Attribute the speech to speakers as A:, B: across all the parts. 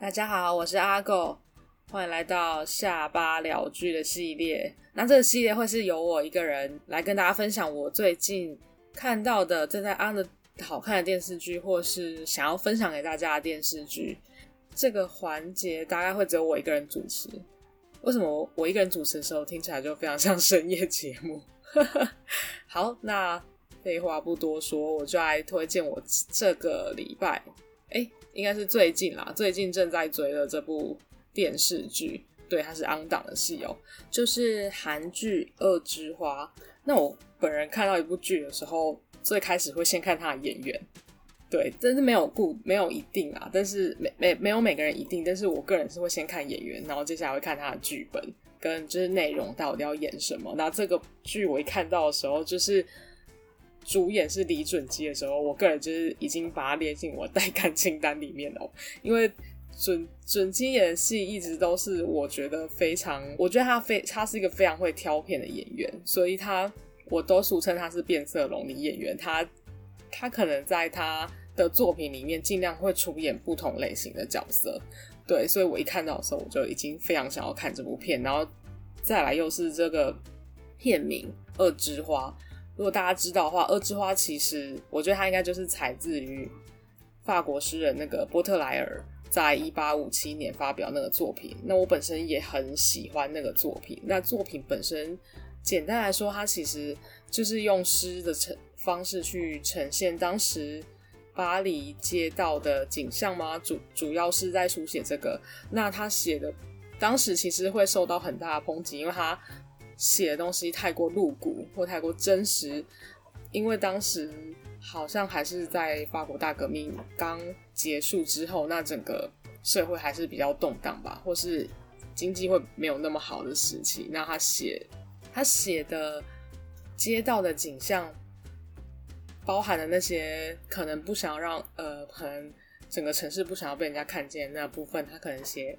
A: 大家好，我是阿狗，歡迎來到下巴聊劇的系列。那這個系列會是由我一個人來跟大家分享我最近看到的正在 on 的好看的電視劇，或是想要分享給大家的電視劇。這個環節大概會只有我一個人主持。為什麼我一個人主持的時候聽起來就非常像深夜節目？ 好，那廢話不多說，我就來推薦我這個禮拜。哎、欸，應該是最近啦，最近正在追的這部電視劇，對，它是 on 檔的戲哦、喔，就是韓劇《惡之花》。那我本人看到一部劇的時候，最開始會先看他的演員，對，真是沒有固，沒有一定啊，但是沒沒沒有每個人一定，但是我個人是會先看演員，然後接下來會看他的劇本跟就是內容到底要演什麼。那這個劇我一看到的時候，就是。主演是李準基的時候，我個人就是已經把他列進我待看清單裡面了，哦。因為準準基演的戲一直都是我覺得非常，我覺得他非他是一個非常會挑片的演員，所以他我都俗稱他是變色龍的演員。他他可能在他的作品裡面盡量會出演不同類型的角色，對，所以我一看到的時候我就已經非常想要看這部片，然後再來又是這個片名《惡之花》。如果大家知道的話，《惡之花》其實，我覺得它應該就是採自於法國詩人那個波特萊爾，在一八五七年發表那個作品。那我本身也很喜歡那個作品。那作品本身，簡單來說，它其實就是用詩的呈方式去呈現當時巴黎街道的景象嗎？主主要是在書寫這個。那他寫的當時其實會受到很大的抨擊，因為他。寫的東西太過露骨或太過真實，因為當時好像還是在法國大革命剛結束之後，那整個社會還是比較動盪吧，或是經濟會沒有那麼好的時期。那他寫他寫的街道的景象，包含了那些可能不想要讓呃，可能整個城市不想要被人家看見的那部分，他可能寫。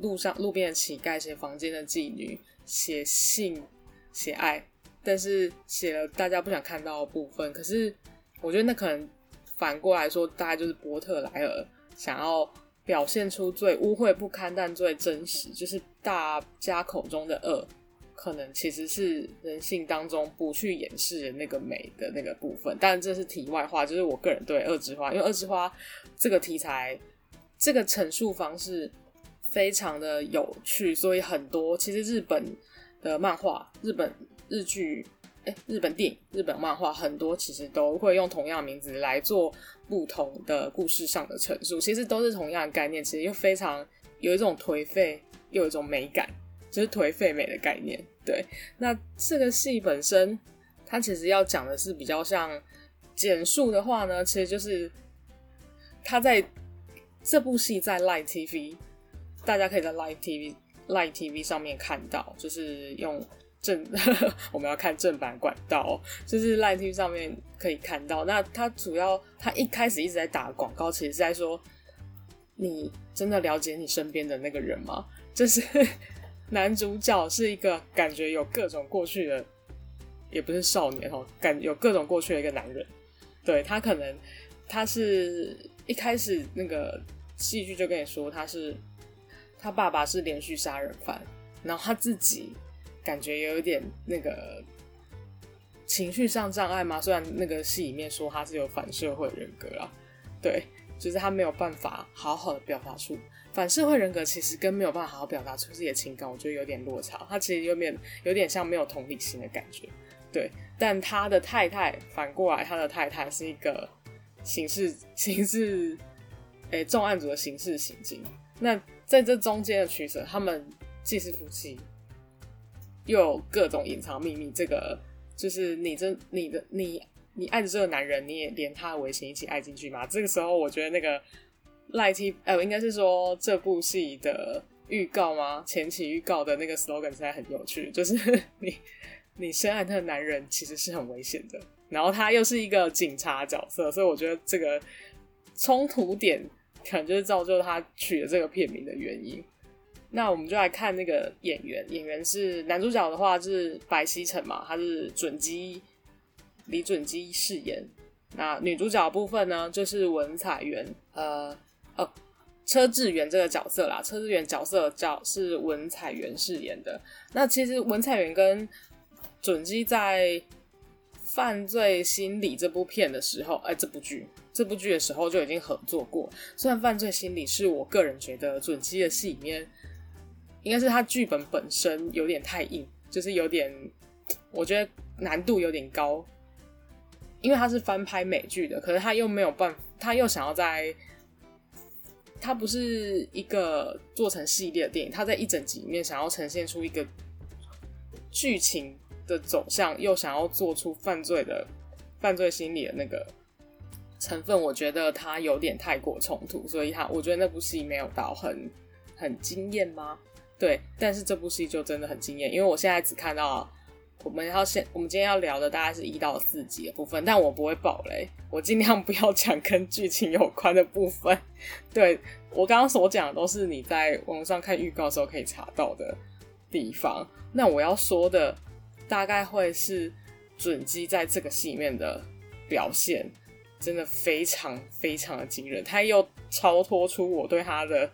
A: 路上路邊的乞丐，寫房間的妓女，寫性，寫愛，但是寫了大家不想看到的部分。可是我覺得那可能反過來說，大概就是波特萊爾想要表現出最污穢不堪但最真實，就是大家口中的惡，可能其實是人性當中不去掩飾的那個美的那個部分。但這是題外話，就是我個人對惡之花，因為惡之花這個題材，這個陳述方式。非常的有趣，所以很多其實日本的漫畫、日本日劇、哎、欸，日本電影、日本漫畫很多其實都會用同樣的名字來做不同的故事上的陳述，其實都是同樣的概念。其實又非常有一種頹廢，又有一種美感，就是頹廢美的概念。對，那這個戲本身，它其實要講的是比較像簡述的話呢，其實就是它在這部戲在 Line TV。大家可以在 live TV live TV 上面看到，就是用正 我們要看正版管道，就是 live TV 上面可以看到。那他主要他一開始一直在打廣告，其實是在說，你真的了解你身邊的那個人嗎？就是男主角是一個感覺有各種過去的，也不是少年哦，感有各種過去的一個男人。對，他可能他是一開始那個戲劇就跟你說他是。他爸爸是連續殺人犯，然後他自己感覺有一點那個情緒上障礙嘛，雖然那個戲裡面說他是有反社會人格啊，對，就是他沒有辦法好好的表達出，反社會人格其實跟沒有辦法好好表達出自己的情感，我覺得有點落差。他其實有點有點像沒有同理心的感覺，對。但他的太太反過來，他的太太是一個刑事刑事誒重案組的刑事刑警嘛。那在這中間的取舍，他們既是夫妻，又有各種隱藏秘密。這個就是你這你的你你愛的這個男人，你也連他的危險一起愛進去嘛，這個時候，我覺得那個賴 T 呃，應該是說這部戲的預告嗎？前期預告的那個 slogan 才很有趣，就是 你你深愛他的男人，其實是很危險的。然後他又是一個警察角色，所以我覺得這個衝突點。可能就是造就他取了這個片名的原因。那我們就來看那個演員，演員是男主角的話是白熙成嘛，他是準基、李準基飾演。那女主角的部分呢，就是文彩元，呃呃、哦、車智媛這個角色啦，車智媛角色叫是文彩元飾演的。那其實文彩元跟準基在。犯罪心理這部片的時候，哎、欸，這部劇，這部劇的時候就已經合作過。雖然犯罪心理是我個人覺得準基的戲裡面，應該是他劇本本身有點太硬，就是有點，我覺得難度有點高。因為他是翻拍美劇的，可是他又沒有辦法，他又想要在，他不是一個做成系列的電影，他在一整集裡面想要呈現出一個劇情，的走向，又想要做出犯罪的犯罪心理的那個成分，我覺得它，有點太過衝突，所以它，我覺得那部戲沒有到很很驚艷嗎？對，但是這部戲就真的很驚艷，因為我現在只看到，我們要先，我們今天要聊的大概是一到四集的部分，但我不會爆雷，我盡量不要講跟劇情有關的部分。對，我剛剛所講的都是你在網上看預告的時候可以查到的地方，那我要說的。大概會是準基在這個戲裡面的表現，真的非常非常的驚人。他又超脫出我對他的，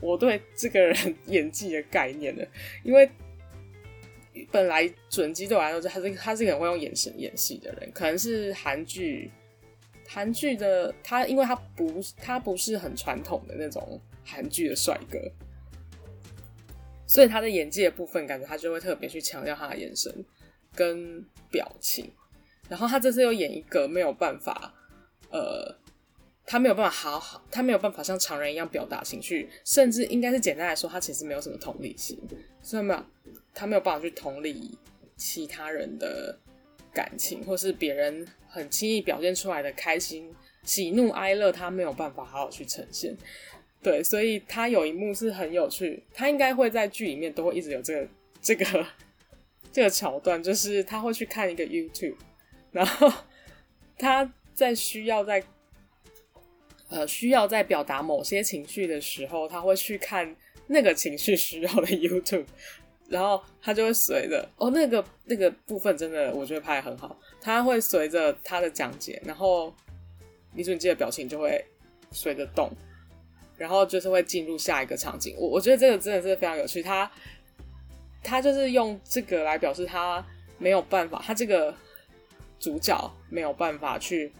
A: 我對這個人演技的概念了。因為本來準基對我來說他，他是他是很會用眼神演戲的人，可能是韓劇韓劇的他，因為他不他不是很傳統的那種韓劇的帥哥。所以他的演技的部分，感覺他就會特別去強調他的眼神跟表情。然後他這次又演一個沒有辦法，呃，他沒有辦法好好，他沒有辦法像常人一樣表達情緒，甚至應該是簡單來說，他其實沒有什麼同理心，所以沒有，他沒有辦法去同理其他人的感情，或是別人很輕易表現出來的開心、喜怒哀樂，他沒有辦法好好去呈現。對，所以他有一幕是很有趣，他應該會在劇裡面都會一直有這個這個這個橋段，就是他會去看一個 YouTube，然後他在需要在呃需要在表達某些情緒的時候，他會去看那個情緒需要的 YouTube，然後他就會隨着哦那個那個部分真的我覺得拍得很好，他會隨着他的講解，然後李準基的表情就會隨着動。然後就是會進入下一個場景。我我覺得這個真的是非常有趣。他他就是用這個來表示他沒有辦法，他這個主角沒有辦法去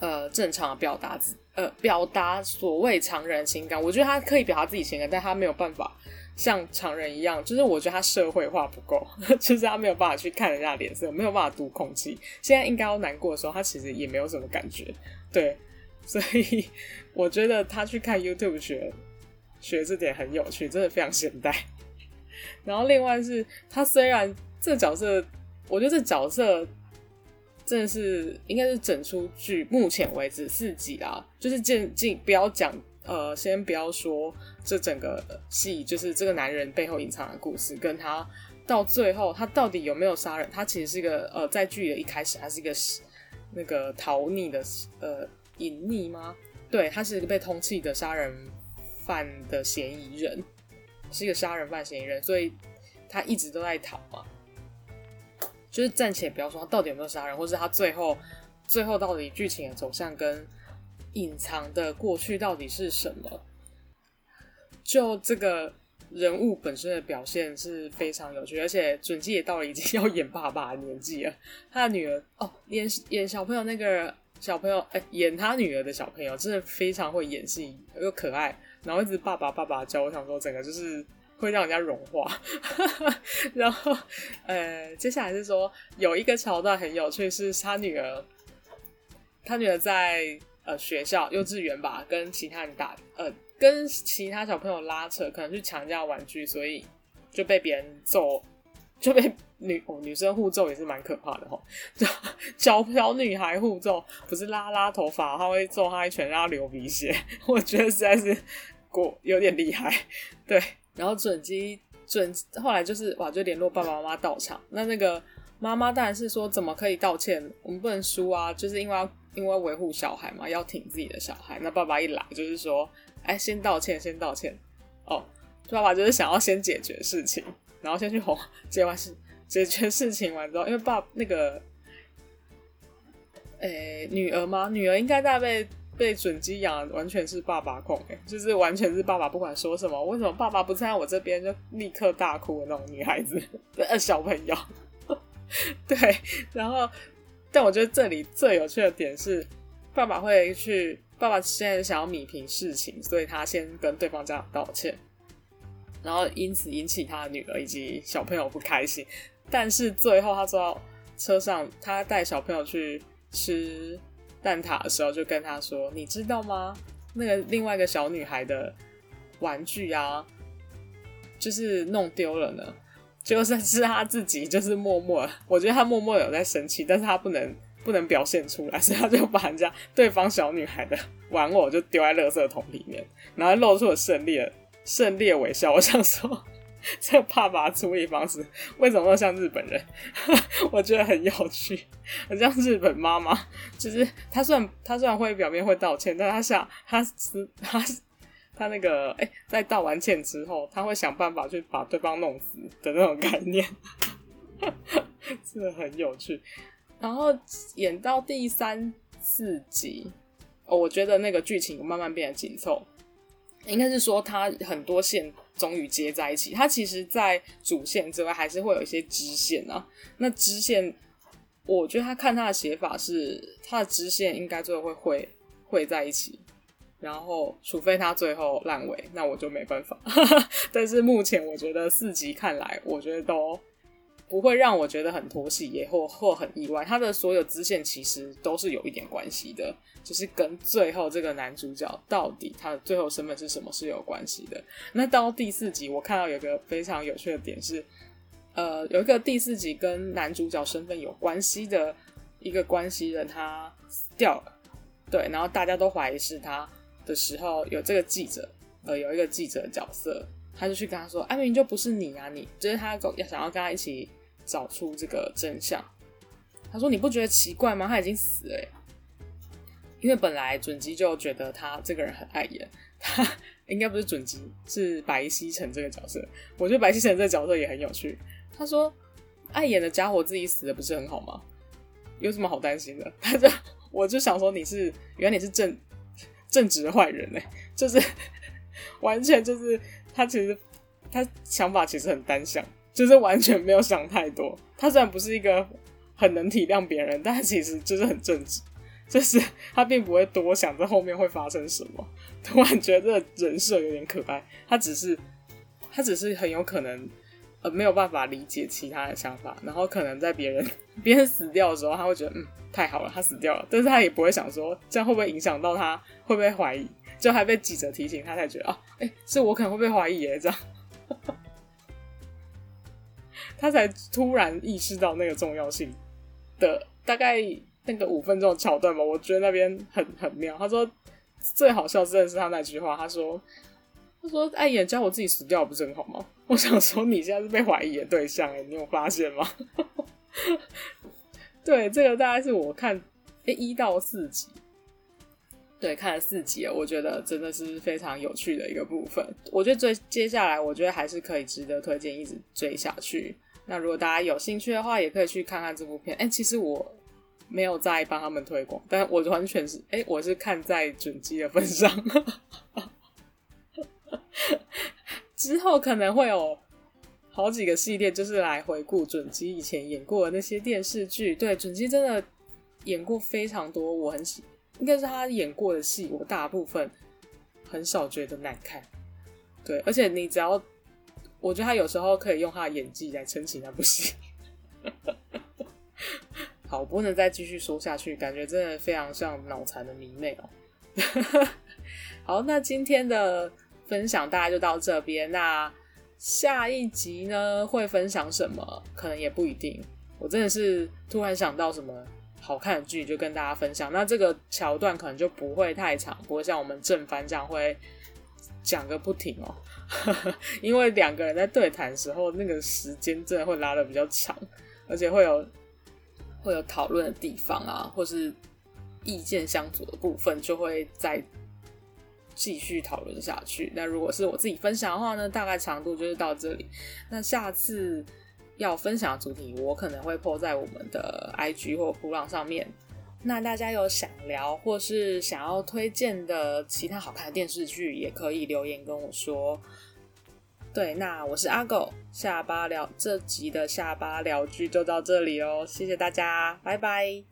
A: 呃正常的表達自呃表達所謂常人的情感。我覺得他可以表達自己情感，但他沒有辦法像常人一樣。就是我覺得他社會化不夠，就是他沒有辦法去看人家臉色，沒有辦法讀空氣。現在應該要難過的時候，他其實也沒有什麼感覺。對。所以我覺得他去看 YouTube 學學這點很有趣，真的非常現代。 然後另外是，他雖然這個角色，我覺得這角色真的是應該是整出劇目前為止四集啦，就是進進不要講呃，先不要說這整個戲，就是這個男人背後隱藏的故事，跟他到最後他到底有沒有殺人？他其實是一個呃，在劇裡的一開始還是一個那個逃匿的呃。隱匿嗎？對，他是一個被通緝的殺人犯的嫌疑人，是一個殺人犯嫌疑人，所以他一直都在逃啊。就是暫且不要說他到底有沒有殺人，或是他最後最後到底劇情的走向跟隱藏的過去到底是什麼。就這個人物本身的表現是非常有趣，而且準基也到了已經要演爸爸的年紀了，他的女兒哦，演演小朋友那個。小朋友哎、欸，演他女兒的小朋友真的非常會演戲，又可愛，然後一直爸爸爸爸叫，我想說整個就是會讓人家融化。 然後呃，接下來是說有一個橋段很有趣，是他女兒，他女兒在呃學校幼稚園吧，跟其他人打呃跟其他小朋友拉扯，可能是搶人家玩具，所以就被別人揍。就被女、哦、女生互揍也是蠻可怕的吼，就小小女孩互揍，不是拉拉頭髮，她會揍她一拳，讓她流鼻血，我覺得實在是過有點厲害。對，然後准基准，後來就是哇，就聯絡爸爸媽媽到場。那那個媽媽當然是說怎麼可以道歉，我們不能輸啊，就是因為要因為維護小孩嘛，要挺自己的小孩。那爸爸一來就是說，哎、欸，先道歉，先道歉。哦，爸爸就是想要先解決事情。然後先去哄，解決事、解決事情完之後，因為爸那個，誒，女兒嗎？女兒應該大被被準基養，完全是爸爸控、欸，就是完全是爸爸不管說什麼，為什麼爸爸不在我這邊就立刻大哭的那種女孩子，小朋友，對，然後，但我覺得這裡最有趣的點是，爸爸會去，爸爸現在想要弭平事情，所以他先跟對方家長道歉。然後因此引起他的女兒以及小朋友不開心，但是最後他坐到車上，他帶小朋友去吃蛋撻的時候，就跟他說：“你知道嗎？那個另外一個小女孩的玩具啊，就是弄丟了呢。”就是是他自己，就是默默，我覺得他默默有在生氣，但是他不能不能表現出來，所以他就把人家對方小女孩的玩偶就丟在垃圾桶裡面，然後露出了勝利了。勝利微笑，我想說，這個、爸爸處理方式為什麼都像日本人？ 我覺得很有趣，很像日本媽媽，就是他雖然他雖然會表面會道歉，但他想他是他那個哎、欸，在道完歉之後，他會想辦法去把對方弄死的那種概念， 真的很有趣。然後演到第三四集，哦，我覺得那個劇情慢慢變得緊湊。應該是說，它很多線終於接在一起。它其實，在主線之外，還是會有一些支線啊。那支線，我覺得他看他的寫法是，他的支線應該最後會會會在一起。然後，除非他最後爛尾，那我就沒辦法。 但是目前，我覺得四集看來，我覺得都。不會讓我覺得很脫戲，也或或很意外。他的所有支線其實都是有一點關係的，就是跟最後這個男主角到底他的最後身份是什麼是有關係的。那到第四集，我看到有一個非常有趣的點是，呃，有一個第四集跟男主角身份有關係的一個關係人他掉了，對，然後大家都懷疑是他的時候，有這個記者，呃，有一個記者角色，他就去跟他說：“啊，明明就不是你啊，你就是他要想要跟他一起。”找出這個真相，他說：“你不覺得奇怪嗎？他已經死了耶，因為本來准基就覺得他這個人很礙眼。他應該不是准基，是白西城這個角色。我覺得白西城這個角色也很有趣。他說：‘礙眼的家伙自己死的不是很好嗎？有什麼好擔心的？’他說：‘我就想說，你是原來你是正正直的壞人呢，就是完全就是他其實他想法其實很單向。’就是完全沒有想太多。他雖然不是一個很能體諒別人，但其實就是很正直，就是他並不會多想這後面會發生什麼。突然覺得這個人設有點可愛。他只是，他只是很有可能呃沒有辦法理解其他的想法，然後可能在別人別人死掉的時候，他會覺得嗯太好了，他死掉了。但是他也不會想說這樣會不會影響到他，會不會懷疑？就還被記者提醒，他才覺得啊，哎、欸，是我可能會被懷疑耶、欸、這樣。他才突然意識到那個重要性的大概那個五分鐘的橋段吧，我覺得那邊很很妙。他說最好笑真的是他那句話，他說他說哎眼、欸、叫我自己死掉不是很好嗎？我想說你現在是被懷疑的對象哎，你有發現嗎？ 對，這個大概是我看欸、一到四集，對，看了四集了，我覺得真的是非常有趣的一個部分。我覺得最接下來我覺得還是可以值得推薦，一直追下去。那如果大家有興趣的話，也可以去看看這部片。哎、欸，其實我沒有在幫他們推廣，但我完全是哎、欸，我是看在準基的份上。 之後可能會有好幾個系列，就是來回顧準基以前演過的那些電視劇。對，準基真的演過非常多，我很喜，應該是他演過的戲，我大部分很少覺得難看。對，而且你只要。我覺得他有時候可以用他的演技來撐起那部戲。 好，我不能再繼續說下去，感覺真的非常像腦殘的迷妹哦、喔。 好，那今天的分享大概就到這邊。那下一集呢，會分享什麼？可能也不一定。我真的是突然想到什麼好看的劇，就跟大家分享。那這個橋段可能就不會太長，不會像我們正反這樣會。講個不停哦、喔，因為兩個人在對談時候，那個時間真的會拉的比較長，而且會有會有討論的地方啊，或是意見相左的部分，就會再繼續討論下去。那如果是我自己分享的話呢，大概長度就是到這裡。那下次要分享的主題，我可能會 po 在我們的 IG 或噗浪上面。那大家有想聊或是想要推薦的其他好看的電視劇，也可以留言跟我說。對，那我是阿狗，下巴聊這集的下巴聊劇就到這裡哦，謝謝大家，拜拜。